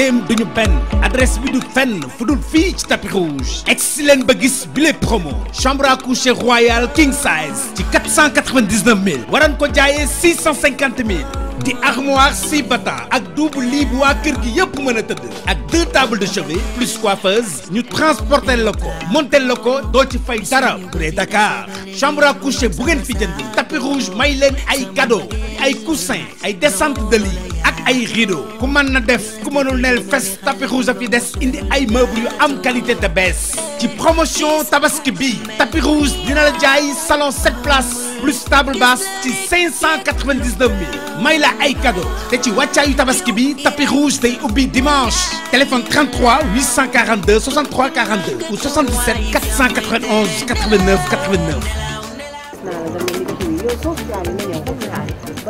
jéem duñu benn adresse bi du fenn fu dul fii ci tapis rouge egg leen ba gis bi les promo chambre à coucher royal king size ci 499 000 ko jaayee 650 000 di armoire six battant ak double lit bu waa kër gi yëpp mën a tëdd ak deux de chevet plus coiffeuse ñu transporter la ko monter la ko doo ci fay dara bu dee Dakar chambre à coucher bu ngeen fi jënd tapis rouge may ay cadeau ay coussin ay descente de lit ay rideau ku mën na def ku mënul neel fes tapis rouge a fi des indi ay meubles yu am qualité te bees ci promotion tabaski bi tapis rouge dina la jaay salon 7 places plus table basse ci 599 000 may la ay cadeau te ci wàccaayu tabaski bi tapis rouge day ubbi dimanche téléphone 33 842 63 42 ou 77 491 89 89.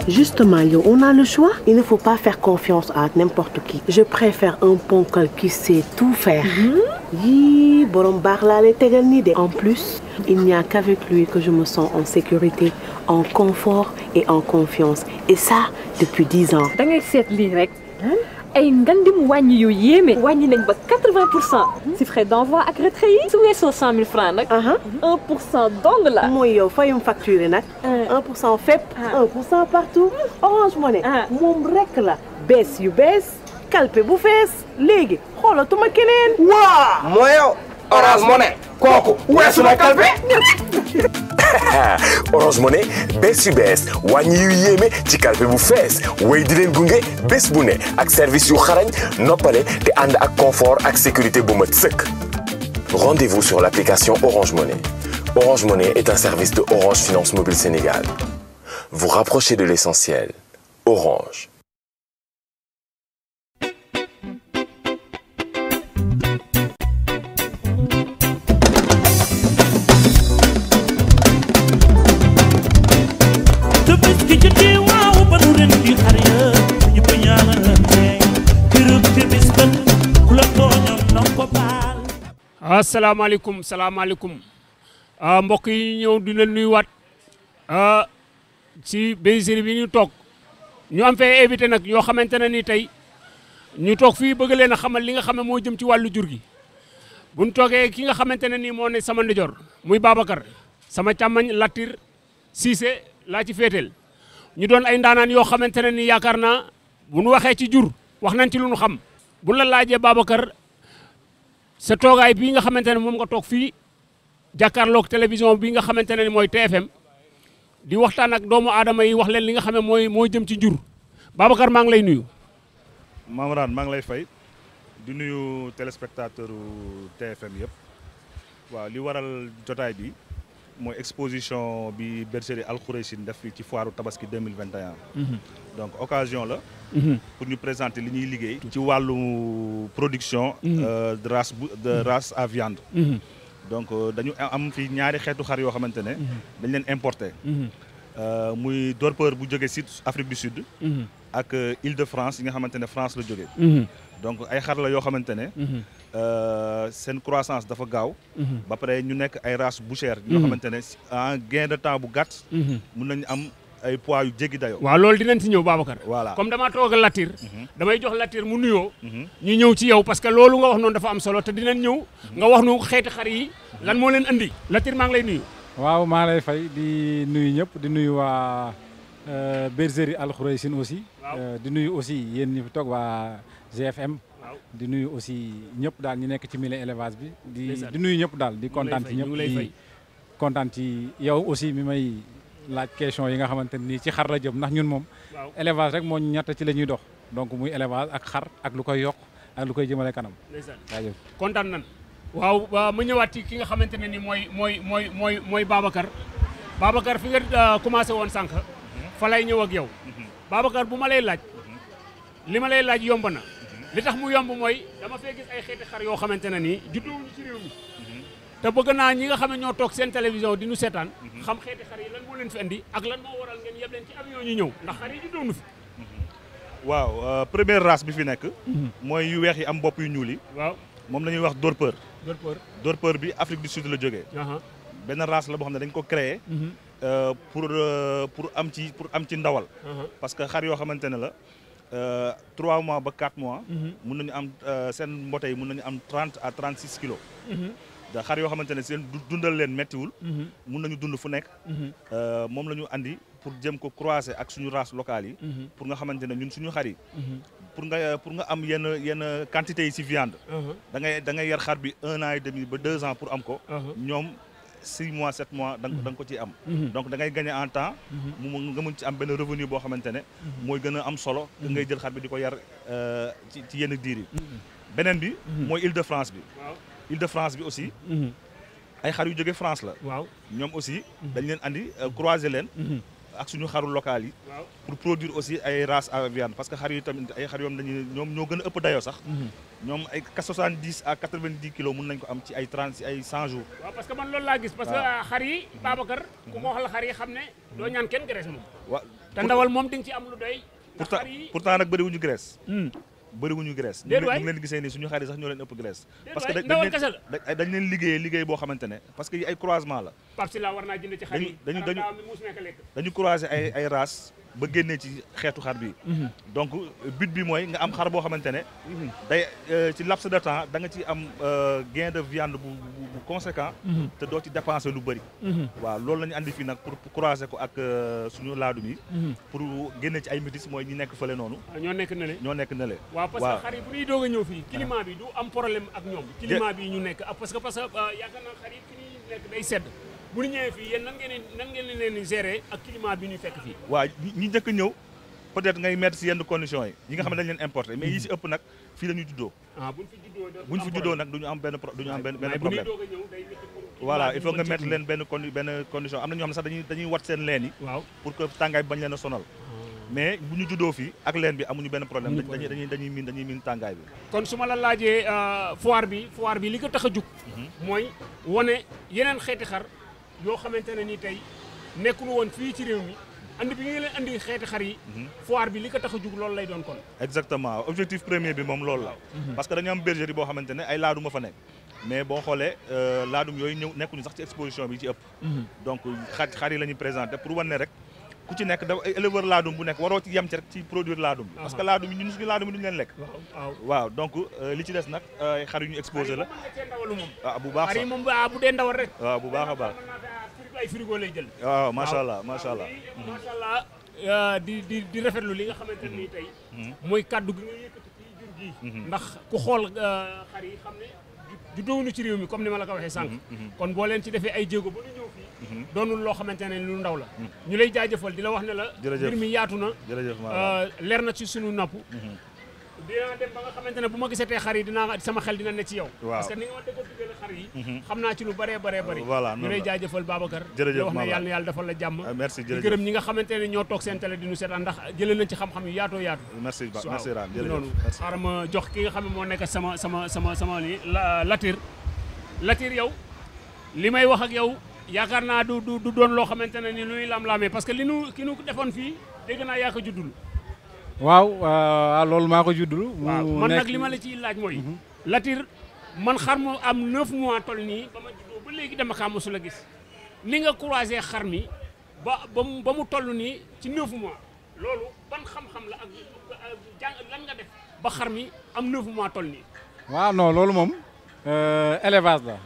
Justement, yo, on a le choix. Il ne faut pas faire confiance à n'importe qui. Je préfère un ponkal qui sait tout faire. Yii, mhm. borom baax laa lay tegal nii de. En plus, il n'y a qu'avec lui que je me sens en sécurité, en confort et en confiance. Et ça, depuis dix ans. Da ngay seet lii rek. ay ngandim wàññi yu yéeme. wàññi nañ ba quatre vingt pour cent. si frais d'envoi ak retrait yi. su weesoo cent mille francs nag. un pour cent dong la. mooy yow fayum facture yi nag. Ah. un pour cent fépp. Ah. un pour cent partout. Hmm. orange money. Ah. moom rek la. bees yu bees. kalpe bu fees. léegi xoolatuma keneen. waa mooy orange money. kooku weesu na kalpe. Orange Money bees yu bees wàññi yu yéeme ci kalpe bu fees way di gunge bés bu ne ak service yu xarañ noppale te ànd ak confort ak sécurité bu mat sëkk. Rendez-vous sur l'application Orange Money. Orange Money est un service de Orange Finance Mobile Sénégal. Vous rapprochez de l'essentiel. Orange. asalaamaaleykum ah, salaamaaleykum ah, mbokk yi ñëw di leen nuyuwaat ah, ci bergerie bi ñu toog ñu am fee invité nag yoo xamante ne ni tey ñu toog fii bëgg leen a xamal li nga xam ne moo jëm ci wàllu jur gi bu ñu toogee ki nga xamante ne nii moo ne sama ndijoor muy Babacar sama càmmañ Latir Cissé laa ci féeteel ñu doon ay ndaanaan yoo xamante ne ni yaakaar naa bu ñu waxee ci jur wax nañ ci lu ñu xam. bu la laajee Babacar sa toogaay bii nga xamante ne moom nga toog fii jàkkaarloog télévision bii nga xamante ne mooy TFM di waxtaan ak doomu aadama yi wax leen li nga xam ne mooy mooy jëm ci jur Babacar maa ngi lay nuyu. Mamran maa ngi lay fay di nuyu téléspectateur TFM yëpp waaw li waral jotaay bi. mooy exposition bi bergerie Al Khoureychine def fii ci foiru tabaski 2021 mhm. donc occasion la mhm. pour ñu présenter li ñuy liggéey ci wàllu production mhm. euh, de race de race à viande donc euh, dañu am fii ñaari xeetu xar yoo xamante ne dañ leen importé euh, muy dorpeur bu jóge si Afrique du Sud ak euh, Île-de-France yi nga xamante ne France la jógee. Mhm. donc ay xar la yoo xamante ne. Mhm. Euh, seen croissance dafa gaaw. Mhm. ba pare ñu nekk ay races bouchères. yoo xamante ne en gain de temps bu gàtt. mun nañu am ay poids yu jéggi dayoo. waaw loolu dinañ si ñëw Babacar. voilà comme damaa toog Latir. damay jox Latir mu nuyoo. ñu ñëw ci yow parce que loolu nga wax noonu dafa am solo te dinañ ñëw. nga wax nu xeeti xar yi. lan moo leen andi. Latir maa ngi lay nuyu. waaw maa lay fay di nuyu ñëpp di nuyu waa. Euh, bergerie Al aussi. Euh, di nuyu aussi yéen ñi fi toog waa GFM. di nuyu aussi ñëpp daal ñu nekk ci milieu élevage bi. di di nuyu ñëpp daal di kontaan ci ñëpp di kontaan ci yow aussi mi may laaj question yi nga xamante nii ci xar la jëm ndax ñun moom. élevage rek moo ñu ñett ci la ñuy dox donc muy élevage ak xar ak lu koy yokk ak lu koy jëmale kanam. kontaan nan waaw mu ñëwaat ci ki nga xamante ne ni mooy mooy mooy mooy mooy Babacar Babacar fi nga euh, commencé woon sànq. fa lay ñëw ak yow Babacar bu ma lay laaj li ma lay laaj yomb na li tax mu yomb mooy dama fee gis ay xeeti xar yoo xamante ne nii juddoowuñu ci réew mi te bëgg naa ñi nga xam ne ñoo toog seen télévision di seetaan xam xeeti xar yi lan moo leen fi andi ak lan moo waral ngeen yeb ci avion ñu ñëw ndax xar yi juddoonu fi waaw euh, première race bi fi nekk mooy yu weex yi am bopp yu ñuul yi waaw moom la ñuy wax Dorpeur Dorpeur bi Afrique du Sud la jóge benn la boo xam ne dañ ko créé mhm. Euh, pour euh, pour am ci pour am ci ndawal. Uh-huh. parce que xar yoo xamante ne la. Euh, trois mois ba quatre mois. Uh-huh. mun nañu am seen mbote yi mun nañu am trente à trente six kilos. Uh-huh. xar yoo xamante ne seen dundal leen méttiwul. mun nañu dund fu nekk. moom lañu ñu andi pour jëm ko croiser ak suñu race locale yi. pour nga xamante ne ñun suñu xar yi. pour nga pour nga am yenn yenn quantité yi ci viande. da ngay yar xar bi un an et demi ba deux ans pour am ko. ñoom six mois sept mois da nga mm-hmm. ko ci am mm-hmm. donc da ngay gagné en temps mm-hmm. mu nga mën ci am benn revenu boo xamante ne mooy gën a am solo nga ngay jël xar bi di ko yar euh, ci ci yenn diir yi beneen bi mooy ile de France bi Île de France bi aussi ay xar yu jóge France la waaw ñoom aussi dañ leen indi euh, croiser leen ak suñu xaru local yi. pour produire aussi ay races à viande parce que xar yi tamit ay xar yoom dañuy ñoom ñoo gën a ëpp dayoo sax. Mhm. ñoom ay soixante dix à quatre vingt dix kilos mun nañ ko am ci ay trente ci ay cent jours. waaw parce que man loolu laa gis. parce que xar yi mhm. Babacar. ku ma mhm. wax xam ne. doo ñaan kenn graisse moom. waaw ndawal moom di nga ci am lu doy. pourtant pourtant nag bëriwuñu graisse. Hmm. bëriwuñu graisse ñu leen gisee nii suñu xarit sax ñoo leen ëpp graisse parce que dañ leen liggéeyee liggéey boo xamante ne parce que yi ay croisement la dañu dañu dañu croiser ay ay ba génnee ci xeetu xar bi mhm. donc but bi mooy nga am xar boo xamante ne mhm. day euh, ci laps de temps da nga ci am euh, gain de viande bu bu conséquent mhm. te doo ci dépenser lu bëri waaw loolu la ñu andi fii nag pour croiser ko ak euh, suñu laadum yi pour génne ci ay métis mooy ñi nekk fële noonu ah, ñoo nekk nële ñoo nekk nële waaw parce que bu ñuy doog a ñëw fii climat bi du am problème ak ñoom climat bi ñu nekk ah, parce que parce que yaakaar naa xar nekk day sedd bu ñu ñëwee fii yéen nan ngeen nan ngeen leen ak climat bi ñuy fekk fii. waaw ñi njëkk ñëw peut-être ngay mettre si yenn condition yi. yi xam ne dañ leen importer mais si ëpp nag fii ah, ñu fi juddoo juddoo nag du ñu am benn pro du am benn benn problème. voilà il faut nga leen benn con benn condition am na ñoo xam ne sax dañuy dañuy wat seen leen yi. waaw pour que tàngaay bi bañ leen a ah. mais bu ñu juddoo fii ak leen bi amuñu benn problème dañuy dañuy dañuy miin dañuy miin tàngaay bi. kon su ma la laajee euh, foire bi foire bi li ko tax a jug. Mhm. mooy wane yeneen xeeti xar yoo xamante ne ni tey nekkul woon fii ci réew mi andi bi nga leen andi xeeti xar yi. Mhm. foire bi li ko tax a jug loolu lay doon kon. exactement objectif premier bi moom loolu la. Mhm. parce que dañu am bergerie boo xamante ne ay laadum a fa ne mais boo xoolee euh, laadum yooyu ñëw nekkuñu sax ci exposition bi ci ëpp. Mhm. donc xar xar yi la ñuy présenté pour wane rek. ku ci nekk da éleveur laadum bu nekk waroo ci yem ci rek ci produire laadum bi parce que ah. laadum yi ñun suñu laadum yi duñu leen lekk waaw donc euh, li ci des nag xar yu ñu exposé la waaw bu baax sax moom bu dee ndawal ah, ah, rek waaw bu baax a baax ay frigo lay jël waaw macha allah macha allah macha allah euh, di di di rafetlu li nga xamante nii hmm. tey hmm. mooy kaddu gi nga yëkkati ci jur gi hmm. ndax ku xool euh, xar yi xam ne juddoowuñu ci réew mi comme ni ma la ko waxee sànq mhm, mhm. kon boo leen ci defee ay jéego ba ñu ñëw fii mhm. doonul loo xamante ne lu ndaw la ñu lay jaajëfal di la wax ne la mbir mi yaatu na euh, leer na ci suñu nopp dinaa dem ba nga xamante ne bu ma gisatee xar yi dinaa sama xel dina ne ci yow parce que ni nga ma mhm. xam naa ci lu bëree bëree bëri voilà ñu lay jaajëfal Babacar jërëjëf wax ne yàlla na yàlla defal la jàmm ah, merci jërëjëf gërëm ñi nga xamante ne ñoo toog seen télé di ñu seetaan ndax jëlee nañ ci xam-xam yu yaatoo yaatu merci merci Ram jërëjëf noonu xaaral ma jox ki nga xam ne moo nekk sama sama sama sama li latir li may wax ak yow yaakaar naa du du doon loo xamante ne ni luy lam-laamee parce que li nu ki nu defoon fii dégg naa yaa juddul waaw euh, ah, loolu maa ko juddul. mu man nag li ma la ciy laaj mooy. Mhm. Latir man xar moo am 9 mois toll nii ba ma juddoo dama kaa mosul a gis ni nga croisé xar mi ba ba mu toll nii ci 9 loolu ban xam la ak jàng ba xar mi am 9 mois toll nii. waaw no loolu moom euh, élevage la.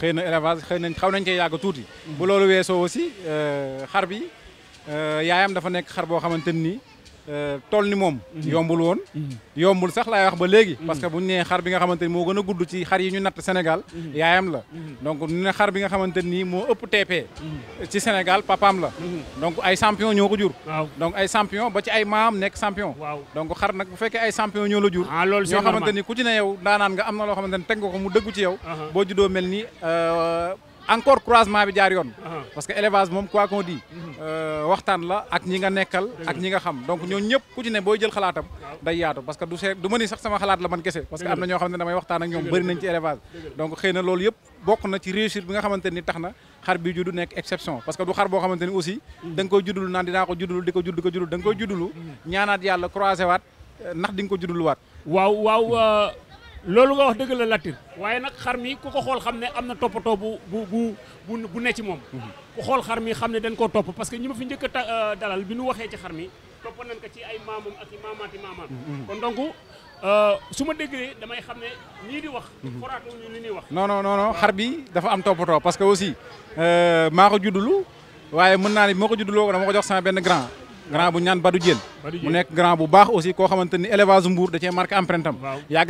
xëy na élevage xëy nañ xaw nañ cee yàgg tuuti. Mhm. bu loolu weesoo aussi euh, xar bi yaayam dafa nekk xar boo xamante ni. Euh, toll ni moom mhm. yombul woon mhm. yombul sax laay wax ba léegi mhm. parce que bu ñu nee xar bi nga xamante ni moo gën a gudd ci xar yi ñu natt Sénégal yaayam la donc ñu ne xar bi nga xamante nii moo ëpp TP ci Sénégal papaam la donc ay champion ñoo ko jur donc ay champion ba ci ay maam nekk champion donc xar nag bu fekkee ay champion ñoo la jur ah, ñoo xamante ni ku ci ne yow daanaan nga am na loo xamante ni ko mu dëggu ci yow uh-huh. boo juddoo mel ni euh, encore croisement bi jaar yoon uh-huh. waxtaan la ak ñi nga nekkal ak ñi nga xam donc ñoo ñëpp ku ci ne booy jël xalaatam day yaatu parce que du see du ma sax sama xalaat la man kese parce que am na ñoo xam damay waxtaan ñoom bëri ci élevage donc xëy na yëpp bokk na ci réussite bi nga xamante ni tax na xar bi juddu nekk exception parce que du xar boo xamante aussi mm. da koy juddul naan dinaa ko koy juddulu mm. ñaanaat yàlla croisé waat euh, ndax di ko judduluwaat euh, loolu nga wax dëgg la Latir waaye nag xar mi ko ko xool xam ne am na toppatoo bu bu bu bu ne ci moom. Mhm. ku xool xar mi xam ne dañ koo topp parce que ñi ma fi njëkk a euh, dalal bi nu waxee ci xar mi topp nañ ko ci ay maamam ak i maamaati maamaat. Mhm, mhm. kon donc euh, su ma déggee damay xam ne ñii di wax. foraatu ñuy wax. non non non bi dafa am parce que aussi euh, maa ko juddulu waaye mën naa ne moo ko judduloo dama ko jox sama benn grand. grand bu ñaan Badou Diène mu nekk grand bu baax aussi koo xamante ni élevage da cee marqué empreinte am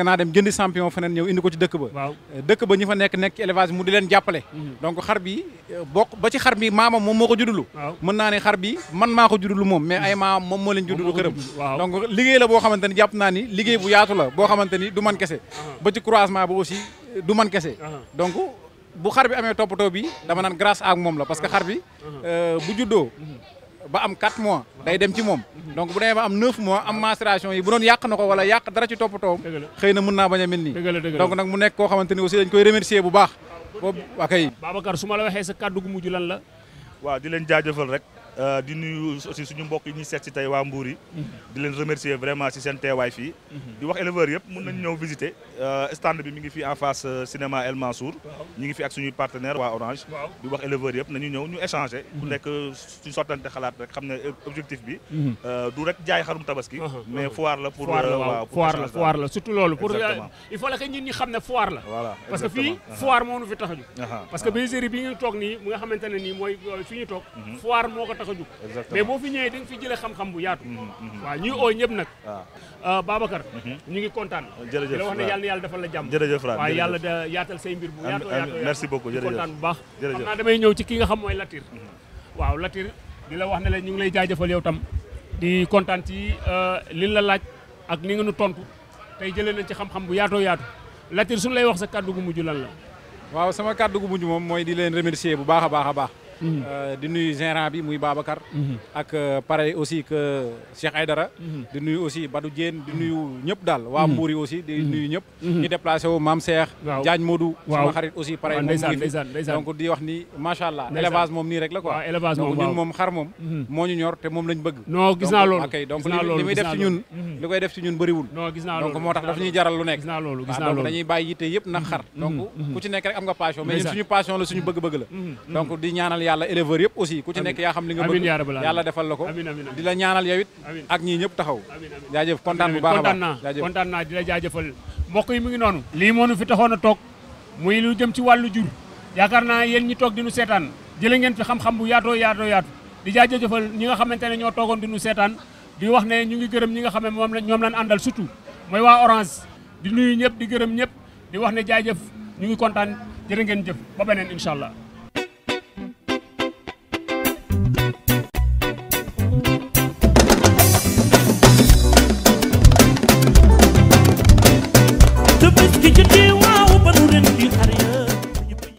naa dem jëndi champion feneen ñëw indi ko ci dëkk ba dëkk ba ñi fa nekk nekk ci élevage mu di leen jàppale mhm. donc xar bi euh, bokk ba ci xar bi maamam moom moo ko juddulu mën naa ne man maa ko juddulu moom mais ay mhm. maamam moom moo leen juddulu këram donc liggéey la boo xamante ni jàpp naa ni liggéey bu yaatu la boo xamante du man kese ba ci croisement euh, bi amee toppatoo bi dama ak la parce que xar ba am 4 mois day dem ci moom donc bu demee am 9 mois am menstruation yi bu doon yàq na ko wala yàq dara ci toppatoom xëy na mën naa bañ a nii donc nag mu nekk koo xamante ni aussi dañ koy remercier bu baax boobu waa kay Babacar su ma la waxee sa kàddu gu mujj lan la waaw di leen jaajëfal rek Euh, di nuyu aussi suñu mbokk yi ñuy seet si tey waa Mbour yi di leen remercier vraiment si seen teewaay fii di wax éleveurs yëpp mun nañ ñëw visiter euh, stand bi mi ngi fi en face euh, cinéma El Mansour ñu échanger ku mhm. nekk suñu sottante xalaat rek xam ne objectif bi mhm. du rek jaay xarum tabaski mais foire la pour waaw foire la foire la surtout loolu pour il faut la que ñun ñi xam ne foire la parce que fii foire moo nu fi tax a jóg parce que bergerie bi ñu toog nii mu nga xamante nii fi tax a jug mais boo fi ñëwee xam-xam bu yaatu waaw ñuy ooy ñëpp nag ah. euh, Babacar mhm. ñu ngi kontaan jërëjëf la wax ne yàlla na yàlla defal la jàmm jërëjëf waaw yàlla da yaatal say mbir bu yaatoo yaatoo merci beaucoup jërëjëf kontaan bu baax xam naa damay ñëw ci ki nga xam mooy Latir mhm. waaw Latir di la wax ne la ñu ngi lay jaajëfal yow tam di kontaan ci euh, li la laaj ak ni nu tontu tey jële nañ ci xam-xam bu yaatoo yaatu Latir suñu lay wax sa kàddu gu mujj lan la waaw sama kàddu gu mujj moom mooy di leen remercier bu baax a baax a baax Mm-hmm. Euh, di nuyu gérant bi muy Babacar. Mm-hmm. ak euh, pareil aussi que Cheikh Aydara. Mm-hmm. di nuyu aussi Badou di nuyu ñëpp daal. waa Mbour yi aussi di nuyu ñëpp. ñu déplacé wu maam Cheikh. waaw Diagne Modou. di wax ni macha allah. élevage moom nii rek la quoi. waaw élevage moom donc ñun moo ñu ñor moom lañ bëgg. non gis naa loolu gis donc li muy def ci ñun. li koy gis naa loolu moo tax daf ñuy jaral lu nekk. gis naa loolu gis naa loolu dañuy bàyyi yitte yëpp nag xar. donc ku ci nekk rek am nga passion mais ñun suñu passion la suñu bëgg-bëgg la donc di ñaanal yàlla éleveur yëpp aussi ku ci nekk yaa xam li nga bëgg yàlla defal la ko di la ñaanal yow ak ñii ñëpp taxaw kontaan bu baax a baax kontaan naa di la jaajëfal mbokk mu ngi noonu lii fi taxoon a toog muy lu jëm ci wàllu jur yaakaar naa yéen ñi toog di nu seetaan jële fi xam-xam bu yaatoo yaatoo yaatu di jaajëfal ñi nga xamante ne ñoo toogoon di nu seetaan di wax ne ñu ngi gërëm ñi nga xam ne moom la ñoom lañ àndal surtout mooy waa orange di nuyu ñëpp di gërëm ñëpp